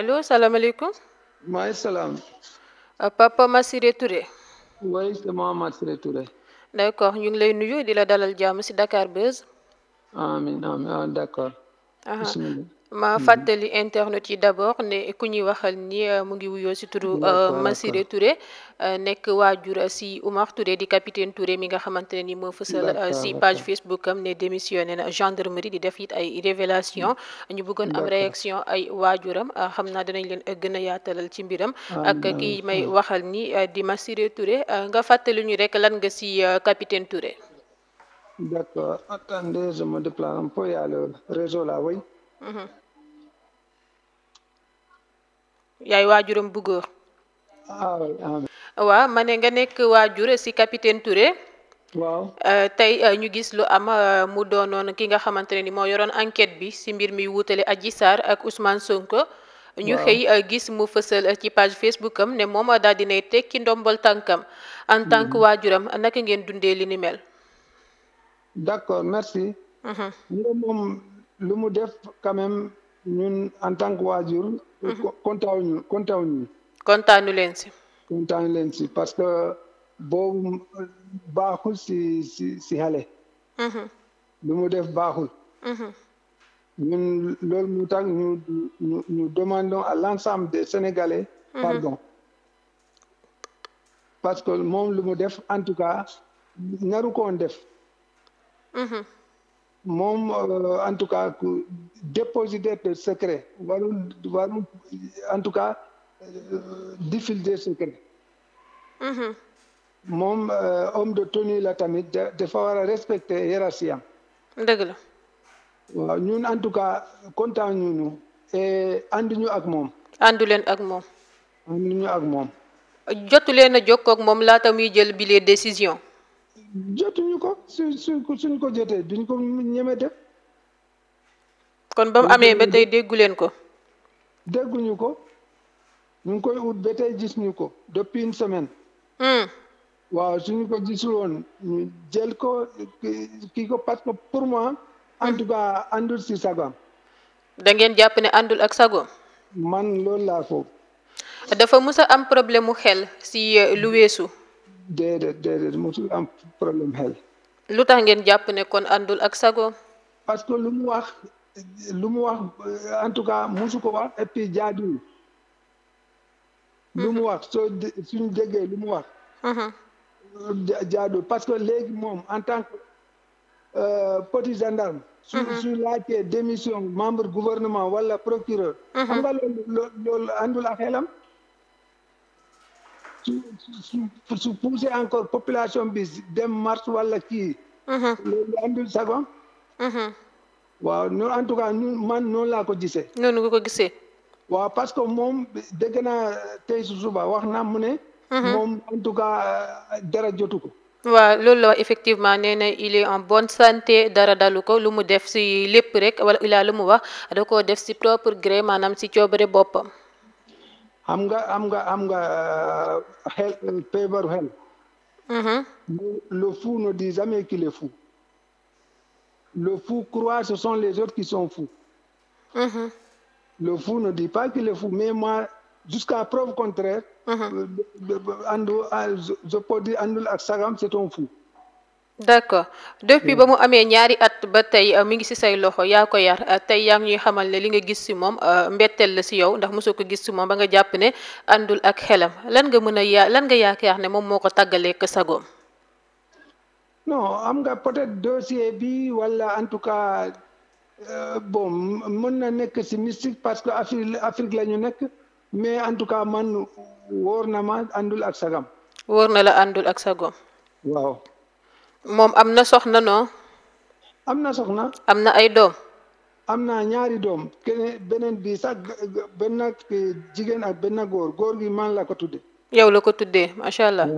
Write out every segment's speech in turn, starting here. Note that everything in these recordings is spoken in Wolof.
allo salaamaaleykum. maaleykum salaam. Euh, Papa Massiré Touré. oui c'est moi Massiré Touré. d' accord ñu ngi lay nuyu di la dalal jàmm si Dakar Buzz. Ah, ma mhm. fàttali internet yi d'abord ne ku ñuy waxal ni euh, mu ngi wuyo si turu euh, Massiré Touré euh, nekk waajur si Oumar Touré di capitaine Touré mi nga xamante ne ni moo fësal si page Facebook am ne démissionné na gendarmerie di def it ay révélation mhm. ñu bëggoon am réaction ay waajuram xam naa danañ leen gën a yaatalal ci mbiram ah, ak kii may waxal ni di Massiré Touré nga fàttali ñu rek lan nga si capitaine Touré. D'accord, attendez, yaay waajuram bu góor waaw ma ne nga nekk waajur ci capitaine Touré. waaw euh, tey euh, ñu gis lu am euh, mu doonoon ki nga xamante ne ni moo yoroon enquête bi si mbir mi wutale Adji Sarr ak Ousmane Sonko. ñu xëy gis mu fësal ci page Facebook ne moom daal dinay tekki ndombal tànkam en tant que mhm. waajuram naka ngeen dundee li ni mel. ñun en tant que waajur. Mhm. kontaanu kontaanu. kontaanu leen si. kontaanu leen si parce que boobu baaxul si si si mhm. lu mu def baaxul. Mhm. ñun loolu mu tax ñu ñu ñu à l'ensemble des Sénégalais. pardon parce que moom lu mu def en tout cas ñaru koon def. moom euh, en tout cas dépositaire de secret warul warul en tout cas euh, diffuser secret mm-hmm. moom euh, homme de tenue la tamit dafa war a respecter hiérarchie am dëgg la waaw ñun en tout cas kontaan ñunu et ànduñu ak moom àndu leen ak moom ànduñu ak moom jotu leen a jokkoo ak moom laata muy jël bi décision jotuñu ko su su suñ ko jotee duñ ko ñeme def. kon ba mu amee ba tey déggu leen ko. dégguñu ko ñu ngi koy ut ba tey gis ñu ko depuis une semaine. Hmm. waaw suñ ko gisul woon jël ko ki ko parce que pour moi. en hmm. tout cas àndul si sagon da ngeen jàpp ne àndul ak sagon man loolu laa foofu. dafa mus am problème mu xel si euh, lu weesu. déedéet déedéet mosul am problème xel. lu ngeen jàpp ne kon àndul ak sago. parce que lu mu wax mu wax euh, en tout cas mosu ko wax et puis jaaduwul. lu mu mhm. wax soo suñu déggee lu mu wax. Mhm. jaaduwul parce que léegi moom en tant que euh, petit gendarme. su mhm. su laajtee démission membre gouvernement wala procureur. xam nga loolu loolu àndul xelam. su poussé encore population bi dem marche wala kii. Mhm. loolu andul sagom. Mhm. waaw en tout cas man noonu laa ko gisee. noonu nga ko gisee. waaw parce que moom dégg naa tey su suba wax naa mu ne. Mhm. moom en tout cas dara jotu ko. waaw loolu la wax effectivement nee na il est en bonne santé dara dalu ko lu mu def si lépp rekk wala ilaa lu mu wax da koo def si propre gré maanaam si coobare boppam. am nga am nga am nga xel feebaru xel le fou ne dit jamais qu'il est fou le fou croit ce sont les autres qui sont fous mm-hmm. le fou ne dit pas qu'il est fou mais moi jusqu'à preuve contraire mm-hmm. euh, euh, euh, andu je peux dire andul ak sagam c'est un fou d'accord bi hmm. ba mu amee ñaari at ba tey euh, mi ngi ci say loxo yaa ko yar euh, tey yaa ngi ñuy xamal ne li nga gis ci moom euh, mbeteel la ci yow ndax mosoo ko gis ci moom ba nga jàpp ne àndul ak xelam lan nga mën a yaa lan nga yaakaar ne moom moo ko tàggalee ak sagoom. non am nga peut-être dossier bi walla en tout cas bon mën na nekk ci mystique parce que Afrique Afrique la ñu nekk mais en tout cas man wóor na ma àndul ak sagam. wóor na la àndul ak sagoom. waaw. moom am na soxna noo am na soxna am na ay doom am na ñaari doom keneen beneen bi sax benn jigéen ak benn góor góor gi man la ko tuddee yow la ko tuddee macha allah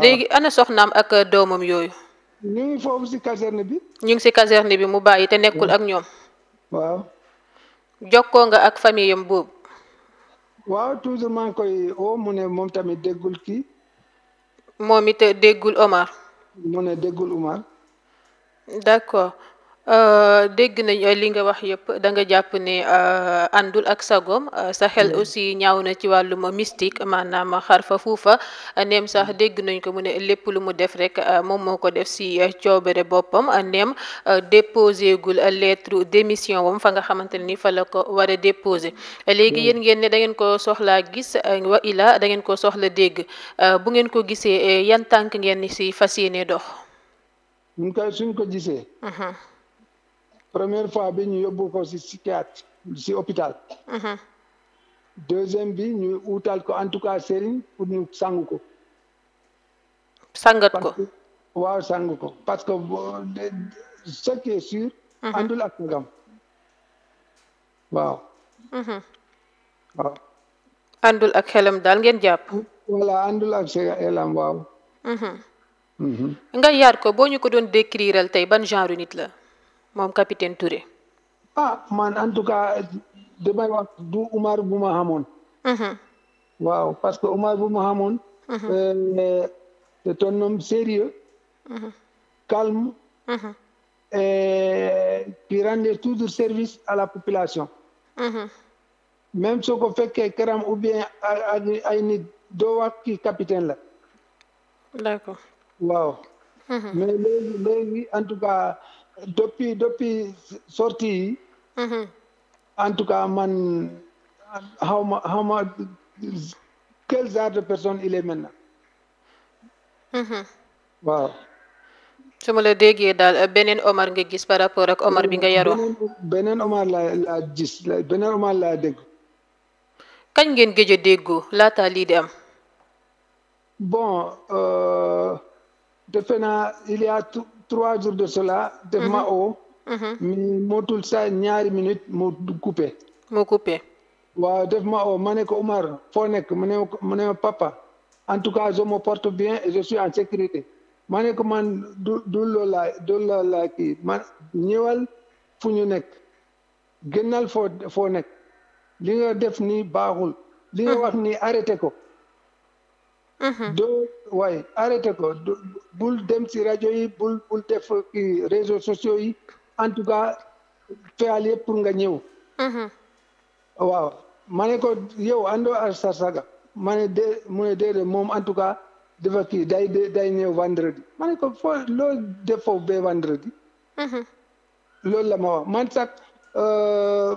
léegi ana soxnaam ak doomam yooyu ñu ngi foofu si caserne bi ñu ngi si caserne bi mu bàyyi te nekkul ak ñoom jokkoo nga ak famille yam boobu waaw toujours maa ngi koy o ne moom tamit déggul kii moom it déggul Omar mu ne umaan Umar. d'accord Euh, dégg nañ euh, li nga wax yëpp da nga jàpp ne euh, àndul ak sagoom sa xel mm. aussi ñaaw na ci wàllum mystique maanaam xar fa fuufa neem sax mm. dégg nañ ko mu ne lépp lu mu def rek moom moo ko def si coobare boppam neem déposé gul lettre démission wam fa nga xamante ne ni fa la ko war a déposé léegi mm. yéen ngeen ne da ngeen ko soxlaa gis wa ila da ngeen ko soxla dégg bu ngeen ko gisee yan tànk ngeen si fas yéene dox. ñun kay suñ ko gisee. Mm-hmm. première fois bi ñu yóbbu ko si psychiatre si hôpital. bi ñu wuutal ko en tout cas sëriñ pour ñu sang ko. sangat ko waaw sang ko parce que ce qui est ak magam waaw. waaw. ak xelam daal ngeen jàpp. voilà àndul ak xelam waaw. Mhm. nga yaar ko boo ñu ko doon décriral tey ban genre nit la. moom capitaine Touré. ah man en tout cas damay wax du Umar bu ma xamoon. Mhm. waaw parce que Umar bu ma xamoon. Mhm. Euh, c'est un homme sérieux. Mhm. calme. qui rendait toujours service à la population. même soo ko fekkee këram ou bien ay nit doo wax kii capitaine la. waaw. mais léegi léegi en tout cas. depuis depuis sortie yi. Mm-hmm. en tout cas man xaw ma xaw ma quel genre de personne il est maintenant. Mm-hmm. waaw. su ma la déggee daal beneen Omar nga gis par rapport ak Omar bi nga yaroo. beneen Omar laa laa dégg. kañ ngeen géej a déggoo laataa lii di am. bon euh, defe il y tout. trois jours de cela. def mhm. ma oo. mais mhm. mootul sa ñaari minute moo coupé. moo coupé. waaw def ma oo ma ne ko Umar foo nekk mu ne mu ne papa en tout cas je me porte bien et je suis en sécurité ma ne ko man du du loola du loola kii man ñëwal fu ñu nekk génnal foo foo nekk li nga def ni baaxul. li nga mhm. wax nii arrêté ko. Mm-hmm. doo waaye arrêté ko bul dem si rajo yi bul bul def réseaux sociaux yi en tout cas feyal yëpp pour nga ñëw mm-hmm. waaw ma ne ko yow àndoo ak Sarsaga ma ne de mu ne moom en tout cas dafa kii day day ñëw vendredi ma ne ko foo loo def foofu ba vendredi mm-hmm. loolu la ma wax man sax euh,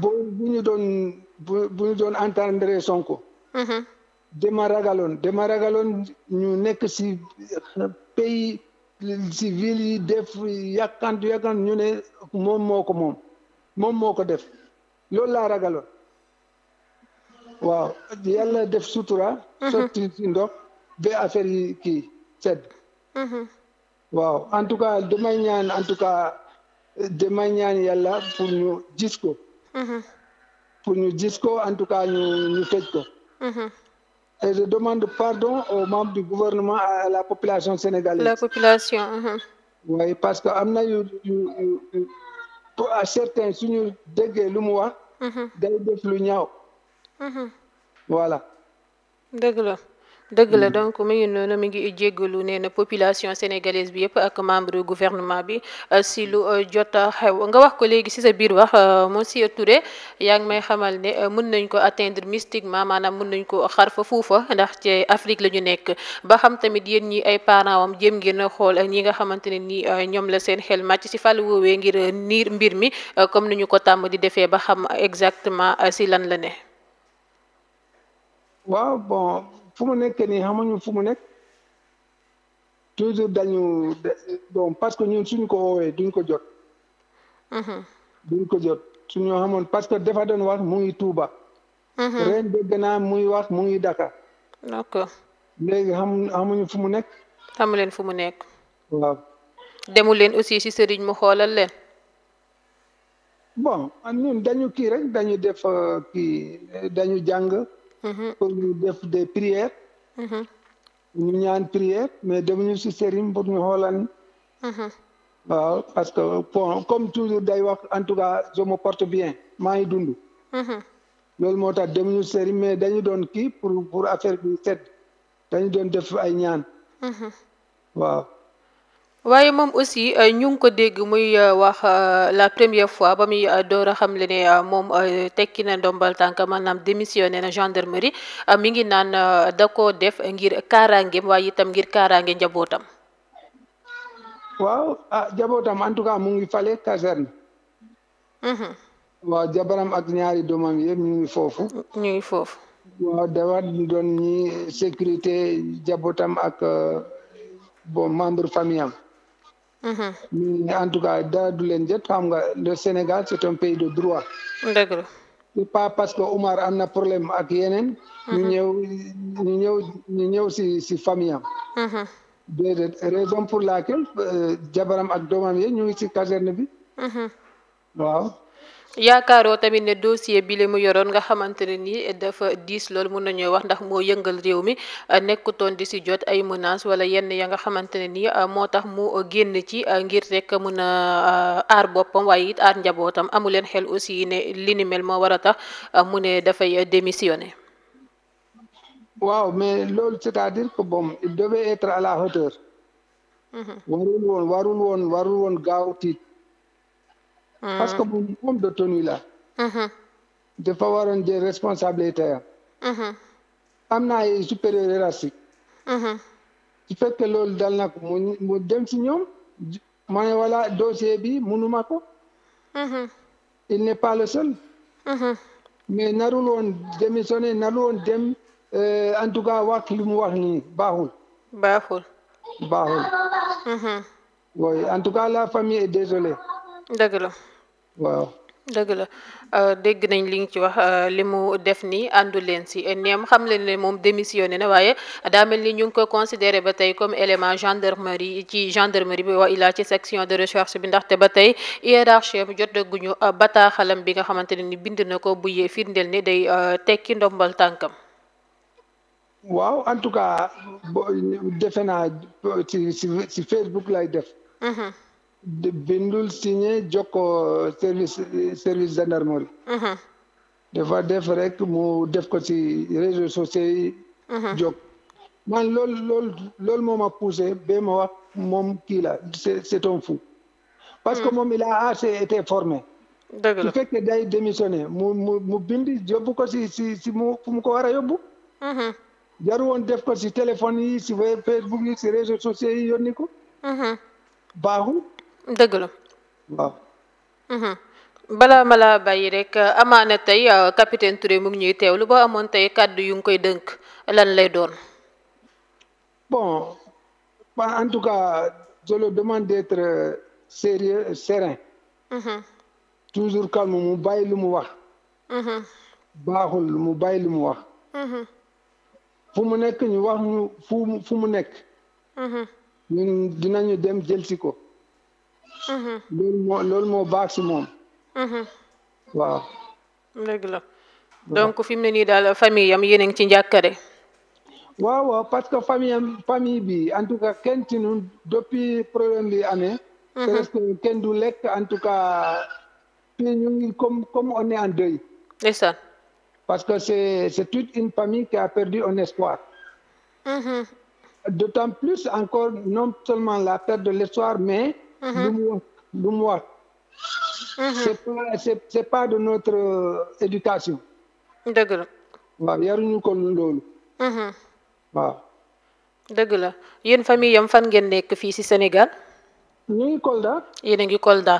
bo bu ñu doon bu Sonko dama ragaloon dema ragaloon ñu nekk si pays civil yi def yàkkantu yàkkantu ñu ne moom moo ko moom moom moo ko def loolu la ragaloon waaw yàlla def sutura mhm. sotti si ndox ba affaire yi kii sedd mhm. waaw en tout cas damay ñaan en tout cas damay ñaan yàlla pour ñu gis ko mhm. pour ñu gis ko en tout cas ñu ñu ko Et je demande pardon aux membres du gouvernement, à la population sénégalaise. La population. Uh-huh. parce que am na yu yu yu à suñu déggee lu mu wax. Uh-huh. day lu ñaaw. Uh-huh. voilà. dëgg la mm. donc mu ngi noonu mi ngi jéggalu nee population sénégalaise bi yëpp ak membre gouvernement bi euh, si lu euh, jot a xew nga wax ko léegi si sa biir wax euh, monsieur Touré yaa ngi may xamal ne mën nañ ko atteindre mystiquement maanaam mën nañ ko xar fa fuufa ndax ci Afrique la ñu nekk ba xam tamit yéen ñi ay parents am jéem ngeen a xool ak ñi nga xamante ne nii ñoom la seen xel màcc si fàll woowee ngir niir mbir mi comme ni ñu ko tàmm di defee ba xam exactement si lan la ne fu mu nekk nii xamuñu fu mu nekk toujours dañu bon parce que ñun suñ ko woowee duñ ko jot. Mm-hmm. duñ ko jot suñu xamoon parce que dafa doon wax mu ngi Touba. Mm-hmm. ren dégg muy wax mu ngi Dakar. d'accord léegi xam xamuñu fu mu nekk. xamu leen fu mu nekk. waaw. demu leen aussi si sëriñ mu xoolal leen. bon ñun dañu kii rek dañu def euh, kii dañu jàng. Mm-hmm. pour ñu def des prières mm-hmm. ñu ñaan prière mais demuñu si sëriñ pour ñu xoolan mm-hmm. waaw parce que bon comme toujours day wax en tout cas je me porte bien maa ngi dund loolu moo tax demuñu sëriñ mais dañu doon kii pour pour affaire bi sedd dañu doon def ay ñaan waaw waaye moom aussi euh, ñu ngi ko dégg muy euh, wax euh, la première fois ba muy door a xam le moom tekki na ndombal tànk maanaam démissionné na gendarmerie mi ngi naan da koo def ngir kaaraangeem waaye itam ngir kaaraange njabootam. waaw ah njabootam en tout cas mu ngi fale caserne. Mhm. waaw jabaram ak ñaari doomam yëpp ñu ngi foofu. ñu ngi foofu. waaw dafa doon sécurité njabootam ak membre famille am. Mhm. mais en tout cas dara du leen jot xam nga le Sénégal c' est un pays de droit. dëgg pas parce que Umar am na problème ak yeneen. Mhm. ñu ñëw ñu ñëw si si famille am. Mhm. raison pour laquelle euh, jabaram ak doomam yi ñu ngi si caserne bi. waaw. yaakaaroo tamit ne dossier bi mu yoroon nga xamante ne nii dafa diis lool mun nañoo wax ndax moo yëngal réew mi nekkutoon di si jot ay menaces wala yenn ya nga xamante ne nii ah, moo tax mu génn ci ah, ngir rek mun a ah, aar boppam waaye it aar njabootam amu leen xel aussi ne linimel moo war a tax mu ne dafay démissionner. waaw mais loolu c'est-à-dire que bon il être à la hauteur. Mhm. warul woon warul woon gaaw tiit. parce que bu moom de tenue la mm-hmm. dafa waroon jël responsabilité am mm-hmm. am na ay supérieur hiérarchique mm-hmm. su fekkee loolu dal na mu dem si ñoom ma ne voilà dossier bi mënuma ko il n'est pas le seul mais narul woon démissionné narul woon euh, en tout cas wax lu mu wax ni baaxul baaxul baaxul en tout cas la famille est désolée dëgg la waaw dëgg la euh, dégg nañ li nga ci wax euh, li mu def nii àndu leen si euh, neem xam leen ne moom démissionné na waaye daa mel ni ñu ngi ko considéré ba tey comme élément gendarmerie ci gendarmerie bi wax ilaa ci section de recherche bi ndaxte ba tey hiérarchie bi jotaguñu bataaxalam bi nga xamante ne ni bind na ko bu yee firndeel ni day tekki ndombal tànkam. waaw en tout cas defe naa ci ci Facebook lay def. Mm-hmm. bindul signé jokkoo service service gendarmerie. Mm-hmm. dafa def rek mu def ko si réseaux sociaux yi. Mm-hmm. jokk man loolu loolu loolu moo ma poussé ba ma wax moom kii la c'est parce que mm. moom il a assez été formé. dëgg la su fekkee day démissionné mu mu mu bindi yóbbu ko si si si mu mu ko war a yóbbu. Mm-hmm. jaru woon def ko si téléphone yi si Facebook yi si réseaux sociaux yi yónni ko. baaxul. dëgg la waaw mhm. bala ma la bàyyi rek amaana tey euh, capitaine Touré mu ngi ñuy teewlu boo amoon tey kàddu yu ngi koy dënk lan lay doon bon en tout cas je demande d'être euh, sérieux et mhm. toujours calme mu bàyyi lu mu wax mhm. baaxul mu bàyyi lu mu wax fu mu nekk ñu wax fu mu nekk ñun dinañu dem jëlsi ko loolu moo loolu moo baax si moom mm-hmm. waaw dëgg la donc fi mu ne nii daal famille am yéen a ngi ci njàkkare waaw waaw parce que famille famille bi en tout cas kenn ci ñun depuis problème bi amee kenn du lekk en tout cas puis ñu comme on est en deuil c'est ça parce que c'est c'est toute une famille qui a perdu un espoir mm-hmm. d'autant plus encore non seulement la perte de l'espoir mais lu mhm. mu wax lu mu wax mhm. c'est pas de notre euh, éducation dëgg la waaw yaruñu ko loolu mhm. dëgg la yéen famille yam fan ngeen nekk fii ci Sénégal ñu ngi Kolda ngi Kolda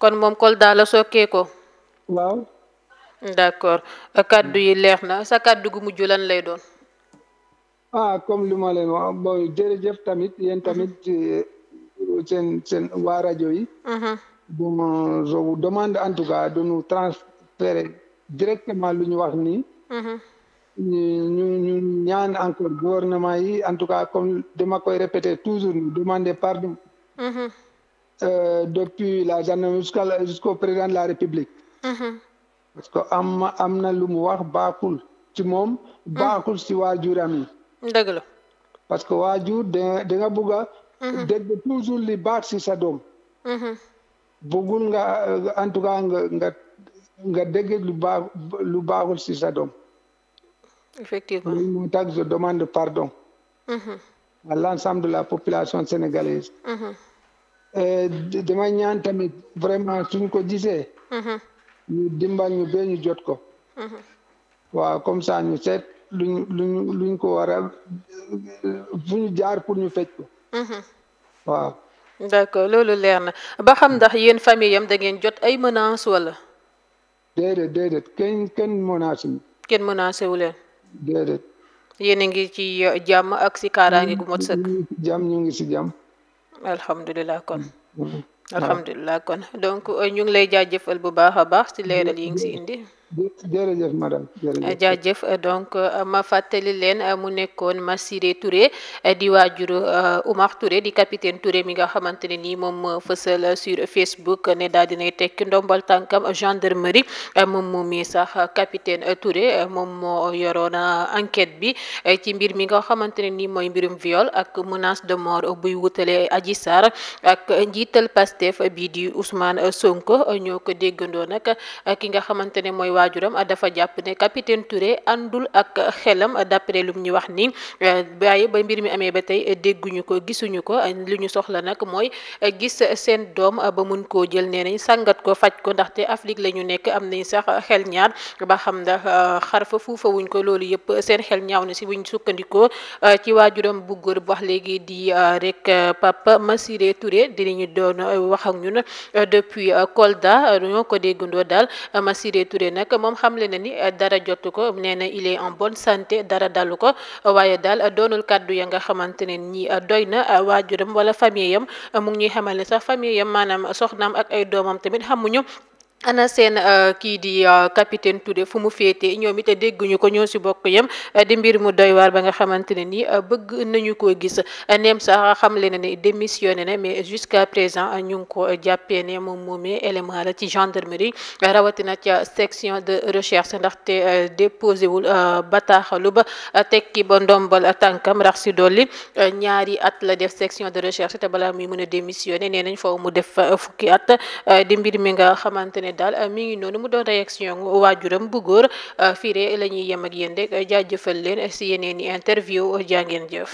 kon moom Kolda la sokkee ko waaw d'accord kàddu yi leex na sa kàddu gu mujj lan lay doon ah comme li ma leen jërëjëf tamit yéen tamit euh, seen seen waa rajo yi. Uh-huh. bon je vous demande en tout cas de nous transférer directement lu ñu wax ni uh-huh. ñu ñu ñaan encore gouvernement yi en tout cas comme dama koy répéter toujours nous demander pardon. Uh-huh. Euh, depuis la gendarmerie jusqu'à jusqu'au président la république. parce que am am na lu mu wax baaxul ci moom. baaxul ci waajuram yi. parce que waajur da nga nga bugg Mhm. dégg toujours li baax si sa doom mhm. nga en tout cas nga nga nga dégg lu lu baaxul si sa doom effectivement li moo tax je demande pardon mhm. à l'ensemble de la population sénégalaise dama ñaan tamit vraiment suñ ko gisee ñu dimbal ñu bee ñu jot ko waaw comme ça ñu lu luñ luñ luñ ko war a fu ñu jaar pour ñu fecc ko waaw. d'accord loolu leer na ba xam ndax yéen famille yam da jot ay menaces wala. déedéet déedéet kenn kenn menacé wu. kenn menacé déedéet. yéen euh, ngi ci jàmm ak ci kaaraange gu mot sëkk. jàmm ñu ngi si jàmm. alhamdulilah kon. alhamdulilah kon donc euh, ñu ngi lay jaajëfal bu baax a baax ci leeral yi ngi si indi. jërëjëf madame eh, eh, donc eh, ma fàttali leen mu nekkoon Massiré ture di waajuru Oumar Touré di capitaine Touré mi nga xamante ne nii moom fësal sur Facebook ne daal dinay tekki ndombal tànkam gendarmerie moom mu mi sax capitaine Touré moom moo yoroon enquête bi ci mbir mi nga xamante ne nii mooy mbirum viol ak menace de mort buy wutale Adji Sarr ak njiital Pastef bii di Ousmane Sonko ñoo ko déggandoo nag ki nga xamante mooy waajuram dafa jàpp ne capitaine Touré àndul ak xelam d'après lu ñu wax ni waaye ba mbir mi amee ba tey dégguñu ko gisuñu ko li ñu soxla nag mooy gis seen doom ba mun koo jël nee nañ sàngat ko faj ko ndaxte Afrique la ñu nekk am nañ sax xel ñaar ba xam ndax euh, xarfa fuufawuñ ko loolu yëpp seen xel ñaaw na si buñ sukkandikoo euh, ci waajuram bu góor bu wax léegi di euh, rek Papa Massiré Touré dinañu doon wax ñun depuis Kolda ñoo ko déggandoo daal Massiré Touré nag nag moom xamle na ni eh, dara jotu ko nee na il est en bonne santé dara dalu ko waaye daal doonul kàddu ya nga xamante ne ñi eh, doy na eh, waajuram wala famille yam mu ngi ñuy xamal ne sax famille yam maanaam soxnaam ak ay doomam tamit xamuñu ana seen euh, kii di euh, capitaine Touré fu mu féete ñoom it dégguñu ko ñoo si bokk yem euh, di mbir mu doy waar ba nga xamante ne ni bëgg nañu koo gis neem sax xamle na ne démissionné na mais jusqu'à présent ñu ngi ko jàppee ne moom moomee élément la ci gendarmerie rawatina ca section de recherche ndax déposé wul bataaxalu ba tekki ba ndombal tànkam rax si dolli ñaari at la def section de recherche te balaa muy mën a démissionné nañ foofu mu def fukki at di mbir daal euh, mi ngi noonu mu doon réaction waajuram bu góor euh, fiire la ñuy yem ak yéen rek jaajëfal leen si yeneen i interview jaa ngeen jëf.